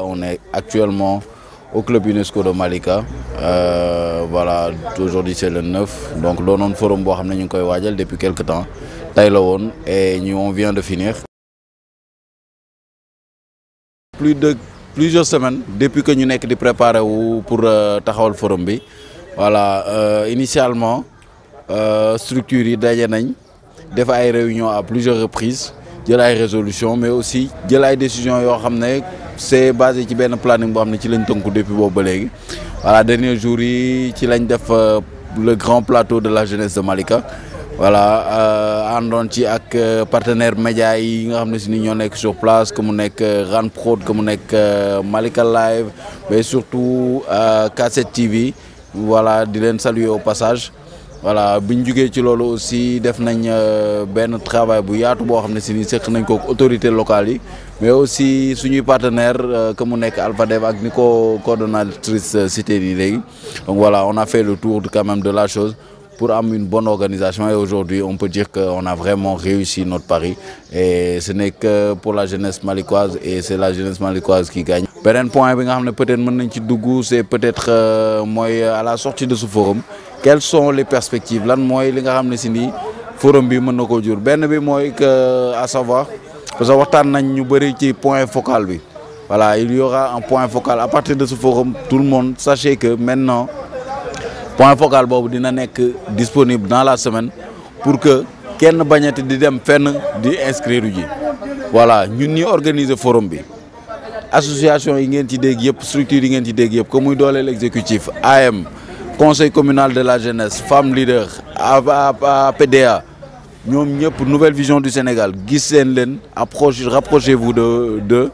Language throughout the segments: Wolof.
On est actuellement au club UNESCO de Malika. Euh, voilà, aujourd'hui c'est le 9. Donc, le nom de forum depuis quelques temps. et nous on vient de finir. Plus de plusieurs semaines depuis que nous sommes préparés pour euh, le forum. Voilà, euh, initialement, euh, structuré d'ailleurs, des réunions à plusieurs reprises, des résolutions, mais aussi des décisions qui c'est basé ci benn planning boo xam ne ci lañ tënku depuis boobu ba voilà dernier jour yi ci lañ def euh, le grand plateau de la jeunesse de Malika voilà euh, àndoon ci ak euh, partenaire média yi nga xam ne ni ñoo sur place comme on est Ran Prod comme on est Malika Live mais surtout cassette TV voilà di leen saluer au passage voilà nous avons aussi def nañ ben travail bu yaatu bo xamné ci nañ ko autorités locales mais aussi suñuy partenaire euh, que mu est, Alphadev ak ni coordonnatrice euh, cité nii donc voilà on a fait le tour quand même de la chose pour avoir une bonne organisation. Et aujourd'hui, on peut dire qu'on a vraiment réussi notre pari. Et ce n'est que pour la jeunesse malicoise et c'est la jeunesse malicoise qui gagne. un point, peut-être c'est peut-être à la sortie de ce forum quelles sont les perspectives lan moy li nga xam ci ni forum bi mën na koo jur benn bi moy que à savoir parce que waxtaan nañ ñu bari ci point focal bi voilà il y aura un point focal à partir de ce forum tout le monde sachez que maintenant point focal bobu dina nek disponible dans la semaine pour que kenn bañati di dem fenn di inscrire ji voilà ñun ñi organiser forum bi association yi ngeen ci dégg yépp structure yi ngeen ci dégg yépp comme muy dooleel l'exécutif AM conseil communal de la jeunesse femme leader PDA nous pour une nouvelle vision du Sénégal rapprochez-vous de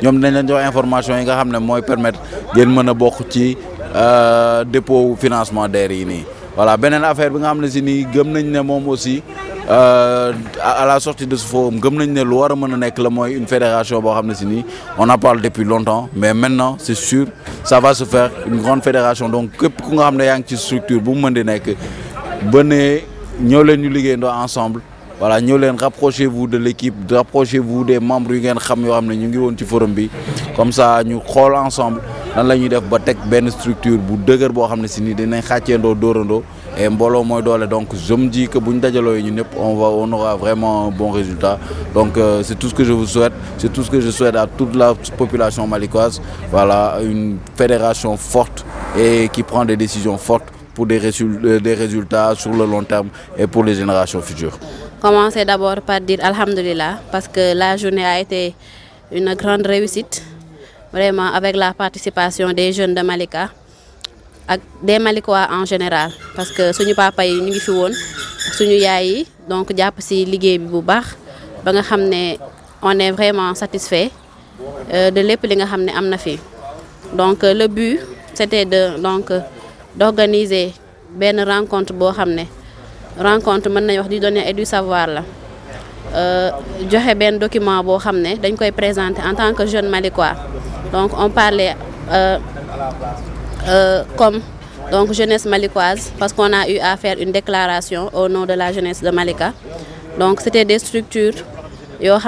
nous avons dañ informations qui information yi nga des dépôts permettre de mën euh, financement voilà affaire bi nga avons aussi euh, à la sortie de ce forum comme nous avons lu une fédération on en parle depuis longtemps mais maintenant c'est sûr ça va se faire une grande fédération donc pour ku nga une structure bu mu mën di nekk ba ensemble voilà nous rapprochez-vous de l'équipe rapprochez-vous des membres qui ont xam yoo forum comme ça nous sommes ensemble Nous avons une def ba structure bu dëgër boo xam et donc je me dis que on va aura vraiment un bon résultat donc euh, c'est tout ce que je vous souhaite c'est tout ce que je souhaite à toute la population malicoise voilà une fédération forte et qui prend des décisions fortes pour euh, des résultats sur le long terme et pour les générations futures. Commencez d'abord par dire Alhamdulillah parce que la journée a été une grande réussite, vraiment avec la participation des jeunes de Malika des Malikois en général parce que suñu papa pas donc on est vraiment satisfait euh, de les donc euh, le but c'était de donc d'organiser une rencontre rencontre donner et du savoir Euh, document en tant que jeune Malikois donc on parlait euh, euh, comme donc jeunesse malicoise, parce qu'on a eu à faire une déclaration au nom de la jeunesse de Malika. Donc c'était des structures qui ont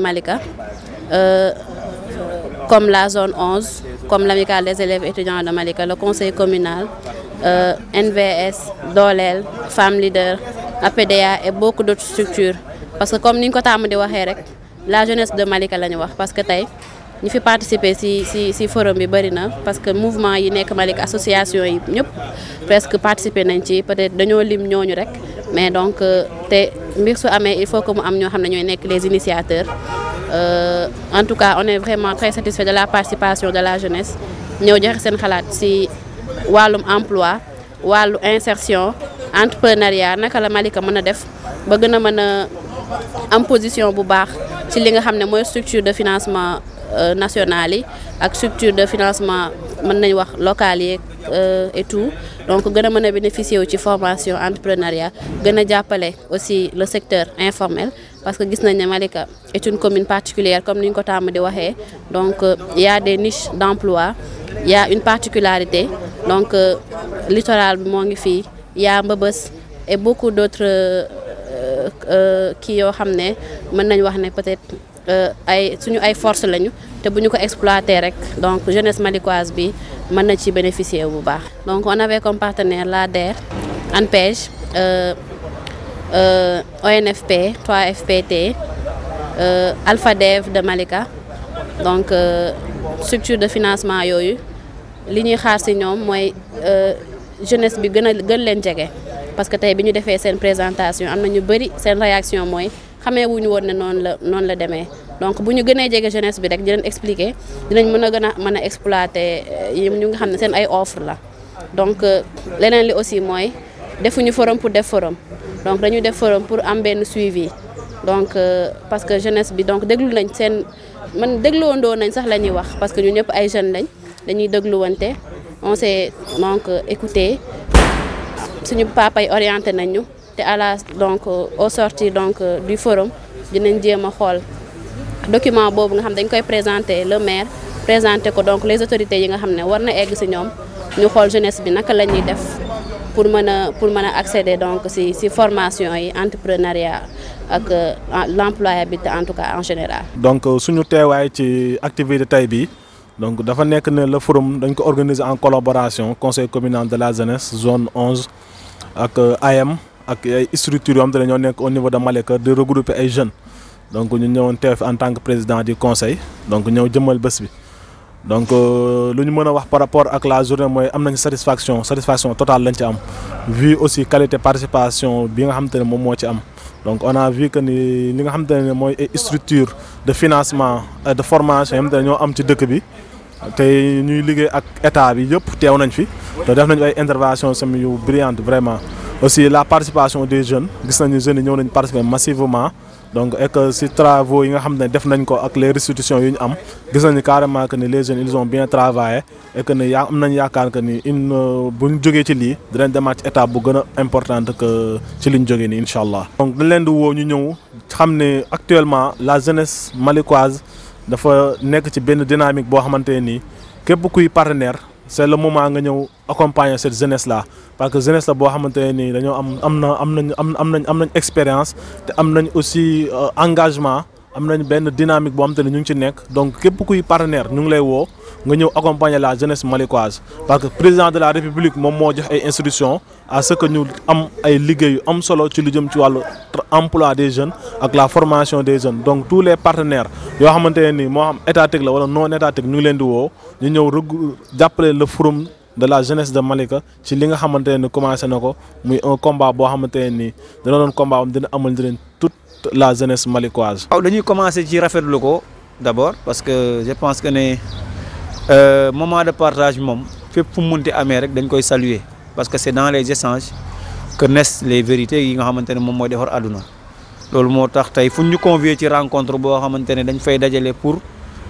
Malika, euh, comme la zone 11, comme l'amicale des élèves étudiants de Malika, le conseil communal, euh, NVS, Dolel, femme Leader, APDA et beaucoup d'autres structures. Parce que comme nous avons dit, la jeunesse de Malika, parce que ñi fi participer ci ci ci forum bi bari na parce que mouvement yi nekk Malick association yi ñëpp presque participer nañ ci peut-être dañoo lim ñooñu rek mais donc euh, te mbir su amee il faut que mu am les initiateurs euh, en tout cas on est vraiment très satisfait de la participation de la jeunesse ñëw joxe seen xalaat ci wàllum emploi wàllu insertion entrepreneuriat naka la Malika mën a def ba gën a am position bu baax ci li nga xam ne structure de financement euh, nationales et de financement mën locales euh, et tout donc nous avons bénéficié bénéficier formation entrepreneuriat Nous avons aussi le secteur informel parce que gis nañ Malika est une commune particulière comme nous avons dit, donc il euh, y a des niches d'emploi Il y a une particularité donc littoral bi y a et beaucoup d'autres qui ont amené, peut-être euh, ay suñu ay force lañu té buñu ko exploiter rek donc jeunesse malicoise bi mën na ci bénéficier bu baax donc on avait comme partenaire l'ADER ANPEJ euh, euh, ONFP 3FPT Alphadev de Malika donc structure de financement yoyu li ñuy xaar ci moy euh, jeunesse bi gën gën leen parce que tay biñu défé sen présentation amna ñu bari sen réaction moy xamee wuñu woon non la non la démé donc buñu gëné gënee jeunesse bi rek di leen expliquer dinañ mën a gën a exploiter euh, yi ñu nga xamné ne seen ay offre la donc euh, lénen li aussi moy defuñu forum pour def forum donc dañu def forum pour am benn suivi donc euh, parce que jeunesse bi donc déglu nañ seen man dégluwandoo nañ sax lañuy wax parce que ñu ñëpp ay jeune lañ dañuy dégluwante on s'est donc écouté suñu papa ay orienté nañu et à la donc euh, au donc euh, du forum nous avons présenté le document le maire présente donc les autorités yi nga pour accéder à ces formations formation et entrepreneuriat ak euh, l'employabilité en tout cas en général. donc donc le forum dañ en collaboration conseil communal de la jeunesse zone 11 ak AM ak ay structures au niveau de Malika de regrouper ay jeunes donc nous ñëwoon teew en tant que président du conseil donc nous jëmmal bés bi. donc euh, lu ñu nous avons wax par rapport à la journée mooy am satisfaction satisfaction totale lañ ci vu aussi qualité participation bi nga xam donc on a vu que ni avons nga xam te ay de financement euh, de formation yoo xam te ne ñoo am ci dëkk bi tey ñuy liggéey ak état bi yëpp teew nañ fi te def ay intervention brillante vraiment aussi la participation des jeunes gis nañu jeunes yi ñëw nañ participer massivement donc et que si travaux yi nga xam ne def nañ ko ak les restitutions yu ñu am gis carrément que les jeunes ils ont bien travaillé et que ni yaa am nañ yaakaar que ni une bu ñu jógee ci lii étape bu importante que ci li ñu jógee donc dañ leen di ñu ñëw actuellement la jeunesse malicoise dafa nek ci benn dynamique boo xamante ni Que képp kuy partenaire c'est le moment nga nous accompagner cette jeunesse là parce que jeunesse la boo xamante ni, dañoo am am na am expérience te am aussi euh, engagement am nañ benn dynamique boo xam te ne ñu ngi ci nekk donc képp kuy partenaire ñu ngi lay woo nga ñëw accompagner la jeunesse malicoise parce que président de la république moom moo jox ay institutions à ce que ñu am ay liggéey yu am solo ci lu jëm ci wàllu emploi des jeunes ak la formation des jeunes donc tous les partenaires yoo xamante ne nii moo xam étatique la wala non étatique ñu ngi leen di woo ñu ñëw rëgg jàppale le forum de la jeunesse de Malika ci li nga xamante ne commencé na ko muy un combat boo xamante ne nii doon combat am dina amal njëriñ tout la jeunesse malicoise avons dañuy à faire le ko d'abord parce que je pense que un euh, moment de partage pour monter fu Amérique, nous rek saluer parce que c'est dans les échanges que naissent les vérités qui nous ont fait le mooy defar àdduna nous moo tax rencontre pour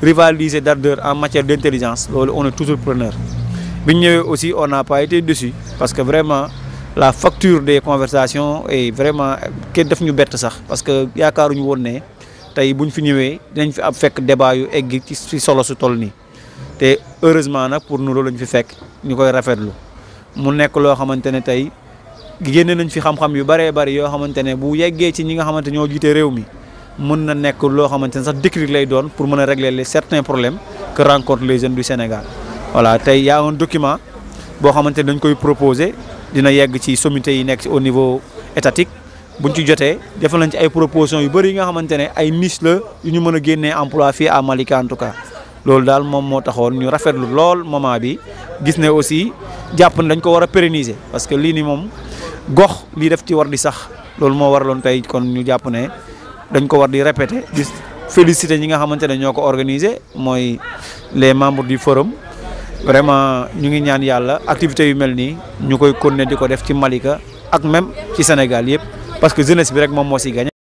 rivaliser d'ardeur en matière d'intelligence on est toujours preneur Nous aussi on n'a pas été dessus parce que vraiment la facture des conversations est vraiment kenn def ñu bett sax parce que yaakaaruñu woon ne tey buñ fi ñëwé dañ fi ab fekk débat yu égg ci ci solo su toll ni té heureusement nak pour nous loolu lañ fi fekk ñu koy rafetlu mu nekk lo xamantene tay tey génne nañ fi xam-xam yu bëree bëri yo xamantene bu yeggee ci ñi nga xamantene ñoo jité réew mi mën na nekk lo xamantene sax déclic lay doon pour mën régler les certains problèmes que rencontrent les jeunes du Sénégal voilà tay ya a un document boo xamante ne dañ koy proposé dina yegg ci sommité yi nekk ci au niveau étatique buñ ci jotee defal nañ ci ay propositions yu bëri yi nga xamante ne ay niche la yu ñu mën a génnee emploi fii à Malika en tout cas loolu daal moom moo taxoon ñu rafetlu lool moment bi gis ne aussi jàpp ne dañ ko war a pérenniser parce que lii ni moom gox lii def ci war di sax loolu moo waraloon tey kon ñu jàpp ne dañ ko war di répéter di féliciter ñi nga xamante ne ñoo ko organiser mooy les membres du forum. vraiment ñu ngi ñaan yàlla activités yu mel nii ñu koy continuer di ko def ci Malika ak même ci Sénégal yëpp parce que jeunesse bi rek moom moo si gagné